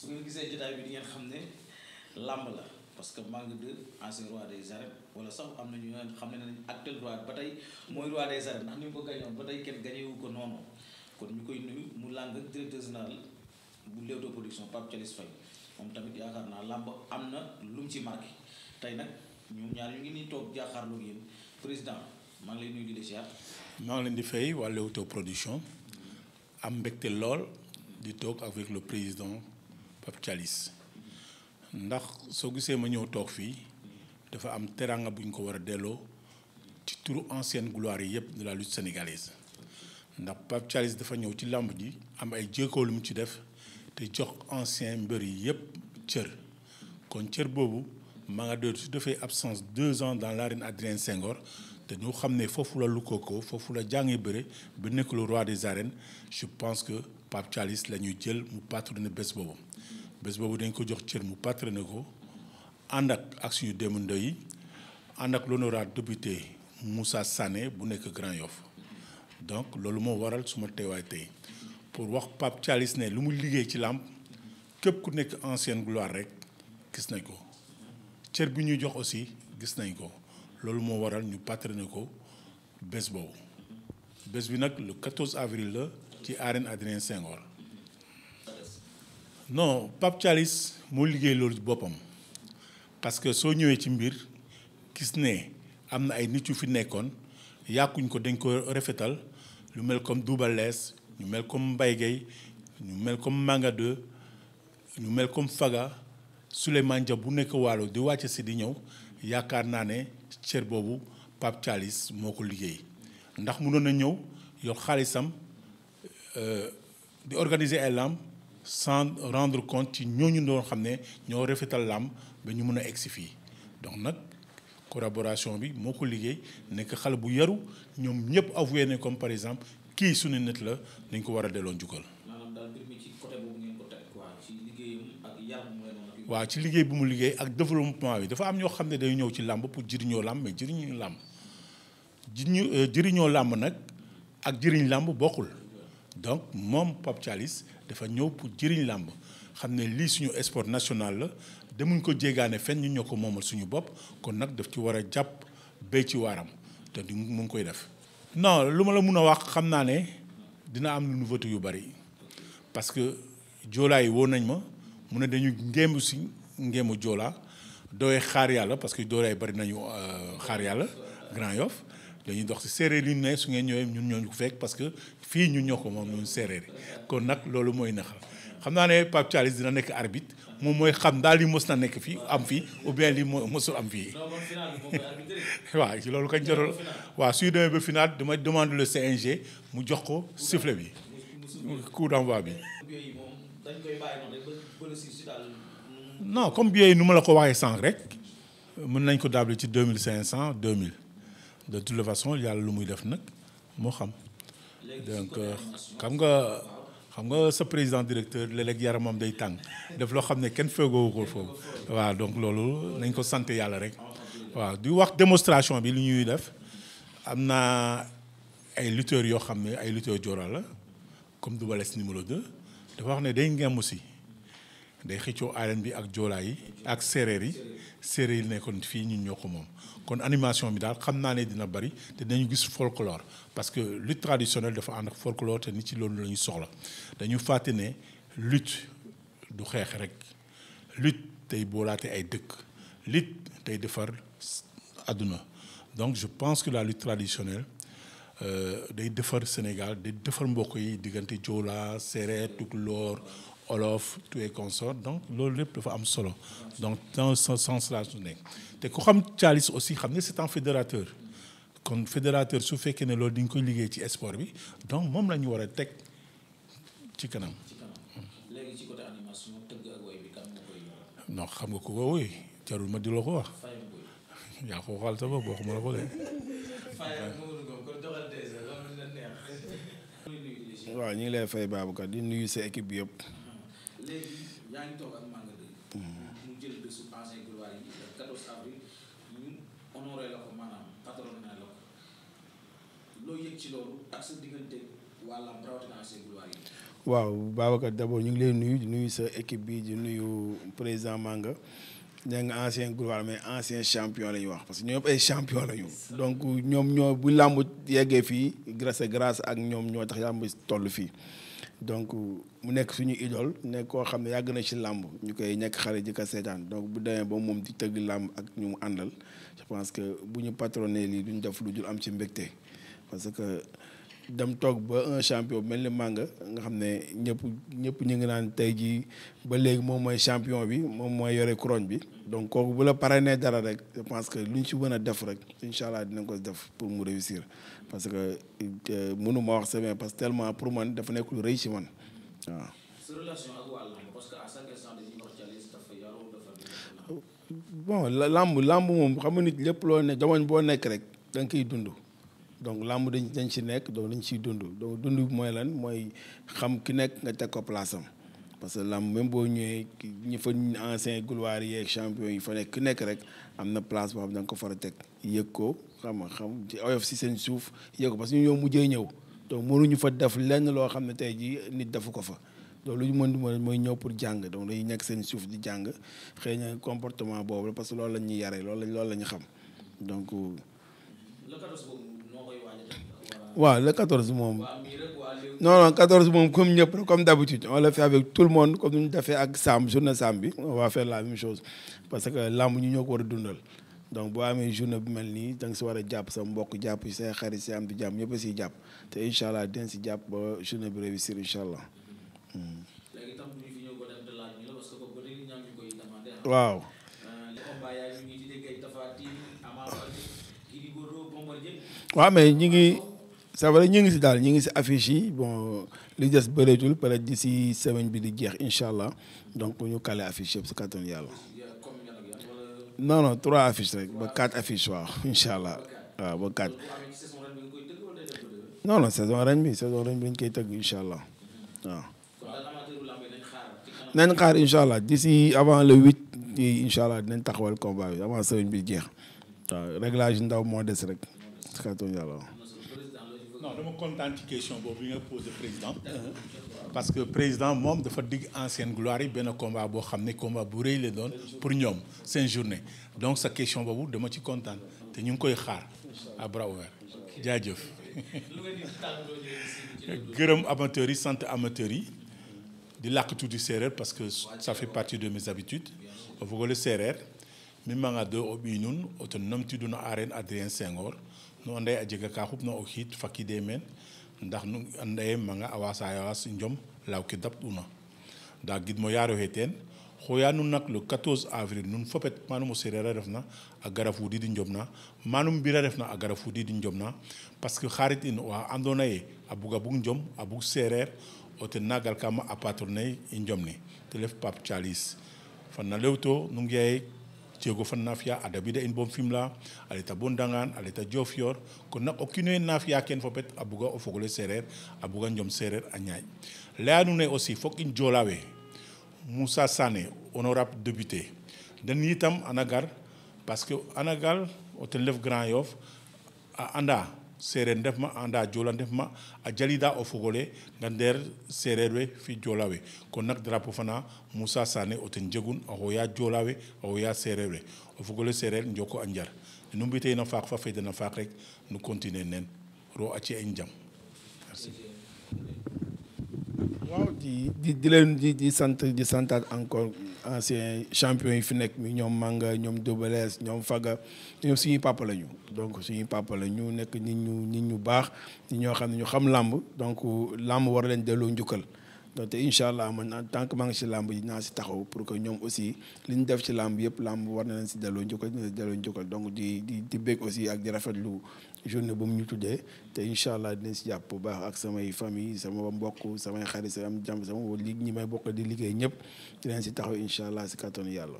su ngeen gisee jotaay bi di ngeen xam ne làmb la parce que Manga 2 ancien roi des arènes wala sax am na ñu ngeen xam ne nañ ba tey mooy roi des arènes ndax ni ko gañoon ba tey kenn gañewu ko noonu kon ñu koy nuyu mu làng ak directeur général bu Leewtoo production Pape Thialis Faye moom tamit yaakaar naa làmb am na lu mu ci marqué tey nag ñu ñaar ñu ngi nii toog jàkkaarloo yéen président maa ngi lay nuyu di la ziar. maa ngi leen di fay waa Leewtoo production am mbégte lool di toog avec le président. capitaliste ndax soo gisee ma ñëw toog fii dafa am teranga bu ñu ko war a delloo ci turu ancienne gloire yi yëpp de la lutte sénégalaise ndax Pape Thialis dafa ñëw ci làmb ji am ay jéego lu mu ci def te jox ancien mbër yi yëpp cër kon cër boobu maa nga doon su defee absence deux ans dans l'arène Adrien Senghor te ñu xam ne foofu la lu foofu la jàngee bëre ba nekk le roi des arènes je pense que Pape Thialis la ñuy jël mu patronné bés boobu. bés boobu dañ ko jox cër mu partenaire ko ànd ak ak suñu démb yi ànd ak l'honorable député Moussa Sané bu nekk Grand Yoff donc loolu moo waral suma teewaay tey pour wax Pape Thialis ne lu muy liggéey ci làmb képp ku nekk ancienne gloire rek gis nañ ko cër bi ñuy jox aussi gis nañ ko loolu moo waral ñu partenaire ko bés boobu bés bi nag lu 14 avril la ci arène Adrien Senghor non Pape Thialis moo liggéey loolu ci boppam parce que soo ñëwee ci mbir gis ne am na ay nit yu fi nekkoon yàkkuñ ko dañ ko rafetal lu mel comme Double Less ñu mel comme Mbaye ñu mel comme Manga 2 ñu mel comme Faga Souleymane Dia bu nekk waalo di wàcc si di ñëw yaakaar naa ne cër boobu Pape Thialis moo ko liggéey ndax mënoon na ñëw yor xaalisam euh, di organiser ay lamb sans rendre compte ci ñooñu doon xam ne ñoo rafetal làmb ba ñu mën a egsi fii donc nag collaboration bi moo ko liggéey nekk xale bu yaru ñoom ñëpp avoué comme par exemple kii suñu nit la dañ ko war a delloo njukkal. ci ak yar mu liggéey bu mu liggéey ak développement bi dafa am ñoo xam ne day ñëw ci làmb pour jëriñoo làmb mais jëriñu làmb jëriñu euh, jëriñoo làmb nag ak jëriñ làmb bokkul donc moom Pape Thialis dafa ñëw pour jiriñ làmb xam ne lii suñu sport national la demuñ ko jéegaane fenn ñu ñoo ko moomal suñu bopp kon nag daf ci war a jàpp béy ci waaram te di mu ngi koy def. non lu ma la mun a wax xam naa ne dina am nouveauté yu bari parce que joolaa yi woo nañ ma mu ne dañu ngémb si ngémbu joolaa dooy xaar yàlla parce que joolaa yi bari nañu euh, xaar yàlla Grand Yoff dañuy dox si séeréer yi ne su ngeen ñëwee ñun ñoo ñu ko fekk parce que fii ñun ñoo ko moom ñun séeréer kon nag loolu mooy naxa xam naa ne Pape Thialis dina nekk arbitre moom mooy xam daal li mos na nekk fii am fii ou bien li mosul am fii waaw ci loolu kañ jotol waa suy demee ba final dama demande le CNG mu jox ko sifflet bi coup d'envoi bi non comme bi yi nu ma la ko waxee sànq rek mën nañ ko daable ci deux mille cinq cent deux mille de toute façon yàlla lu muy def nag moo xam donc euh, xam nga xam nga sa président directeur léeg-léeg yaramam day tàng def loo xam ne kenn feegoowu ko foofu waaw donc loolu nañ ko sant yàlla rek waaw di wax démonstration bi lu ñuy def am na ay lutteurs yoo xam ne ay lutteurs Joola la comme Double Less numéro 2 dafa wax ne day ngemb si day xëccoo aaren bi ak joolaa yi ak séeréer yi séeréer yi nekkoon fii ñu ñoo ko moom kon animation bi daal xam naa ne dina bari te dañu gis folklore parce que lutte traditionnelle dafa ànd ak folklore te nit ci loolu la soxla dañu fàtte ne lut du xeex rek lutte tey boolaate ay dëkk lutte tey defar àdduna donc je pense que la lutte traditionnelle euh, day defar Sénégal day defar mbokk yi diggante joolaa séeréer tukulóor olof tout et consort donc loolu lépp dafa am solo donc dans ce sens là su nekk te ku xam Thialis aussi xam ne c'est un fédérateur kon fédérateur su fekkee ne loolu di nga koy liggéey ci sport bi donc moom lañu war a teg ci kanam. léegi xam nga ku ko woy jarul ma di la ko wax. yaa ko waxal sa bopp waxuma la ko de. waaw ñu ngi lay fay Babacar di nuyu sa équipe bi yëpp. léegi mu jël bésu ancien gloire ñu waaw Babacar d'abord ñu ngi leen nuyu di nuyu sa équipe bi di nuyu président màngo nee nga ancien gloire mais ancien champion la wax parce que ñoom ay champion la ñu. donc ñoom ñoo bu làmb yeggee fii grâce grâce ak ñoom ñoo tax yàmb toll fii. donc mu nekk suñu idole nekk koo xam ne yàgg na ci làmb ñu koy nekk xale jëkk a seetaan donc bu demee ba moom di tëgg làmb ak ñu mu àndal je pense que bu ñu patronné lii duñ def lu dul am ci mbégte parce que dem toog ba un champion mel ni Manga nga xam ne ñëpp ñëpp ñu ngi naan tey jii ba léegi moom mooy champion bi moom mooy yore couronne bi donc kooku bu la parrainé dara rek je pense que lu ñu ci mën a def rek incha allah dinañ ko def pour mu réussir parce que euh, mënu wax sama parce que pour man dafa nekk lu rëy ci man waaw. bon lamb lamb moom xam nga nit lépp loo ne jamono boo nekk rek da nga koy dund. donc làmb dañ dañ ci nekk donc dañ ciy dund donc dund bi mooy lan mooy xam ki nekk nga teg ko place am parce que làmb même boo ñëwee ñi fa ancien gloire yeeg champion yi fa nekk ku nekk rek am na place boo xam da nga ko far a teg yëg ko xam nga xam ci oyof si seen suuf yëg ko parce que ñu ñoo mujjee ñëw donc mënuñu fa def lenn loo xam ne tey jii nit dafa ko fa loolu ñu mën di mën mooy ñëw pour jàng dañuy nekk seen suuf di jàng xëy na comportement boobu la parce que loolu la ñuy yaree loolu lañ loolu la ñu xam donc. Euh, waaw le 14 moom. non non 14 moom comme ñëpp rek comme d'habitude on le fait avec tout le monde comme ni ñu defee ak Samb journée Samb bi on va la même chose parce que lamb ñu ñoo ko war dundal. donc boo amee journée bu mel nii da nga si war a jàpp sa mbokk jàpp si say xarit si am di jàpp ñëpp siy jàpp te incha allah dinañ si jàpp ba journée bi réussir incha allah. léegi tam ñu fi ah. waaw. Euh, waaw mais ñi ça va ngi si daal ñu ngi si affiche yi bon li des bëreetul peut être d'ici bi di jeex incha allah donc ñu kale affiche yëpp si kàttanu yàlla. non non trois affiches rek ba quatre affiches waaw incha allah waaw ba non saison ren saison ren bi lañ koy tëgg incha allah waaw. nañ xaar avant le huit incha allah dinañ taxawal combat bi avant semaine bi jeex waaw réglage ndaw moo des rek si kàttanu yàlla. non dama kontaan ci question boobu bi nga posé président parce que président moom dafa digg ancienne gloire yi benn combat boo xam ne combat bu rëy la doon pour ñoom seen journée donc sa question boobu dama ci kontaan te ñu ngi koy xaar à bras jaajëf gërëm amateurs yi sant amateurs yi di làkk tuuti séeréer parce que ça fait partie de mes habitudes o fogole séeréer mimmaga do o ɓiynun oto numtidu no aren adrien sengor no anda ye a jega ka xupna o xiid meen ndax nu anda ye maga a wasayawas njom laaw ke dap una nda gidmo yaaro xe teen xooya nun nak le 14 avril nun fopet manum o sereer a refna a gara fuudi di na manum a refna a gara di njom na parce que xarit in oxa andoona yee a bug a bug njom a bug sereer o ten nagalkama a i njom ne te ref Pape Thialis na lew to nu ngi'aye Chegofen nafya adabida in Bonfimla aleta Bondangan aleta Diofior kon nag o kiin o nafya ken fopet a buga o fog seereer a buga njom seereer a ñaay layanuun ee aussi fook i njoola we Moussa Sané député den yitam ana gar parce que ana gar o ten ref Grand Yoff a anda seereer ndefma anda jola ndefma a jalida o fogole nga ndeer seereer we fi jola kon nag drapeau fana Moussa Sané o ten jegun a xooya jola we a xooya seereer we o fogole seereer a njar nu mbiteena faak fa fedena faak rek nu continuer nen ro a ci en di di di leen di di sant di santaat encore ancien champion yi fi nekk mi ñoom Manga ñoom Dobales ñoom Faga ñoom suñuy papa la ñu donc suñu papala ñu nekk nit ñu ni ñu baax ñi ñoo xam ne ñu xam làmb donc lamb war leen delloo njukkal te incha allah man en tant que maa ngi si làmb yi naa si taxaw pour que ñoom aussi li ñu def si làmb yëpp làmb war na leen si delloo njukkal delloo njukkal donc di di di bég aussi ak di rafetlu journée bu mu ñu tuddee te incha allah dinañ si jàpp bu baax ak samay famille sama mbokk samay xarit sama am jàmm sama wala ñi may bokk di liggéey ñëpp dinañ si taxaw incha allah si kàttanu yàlla.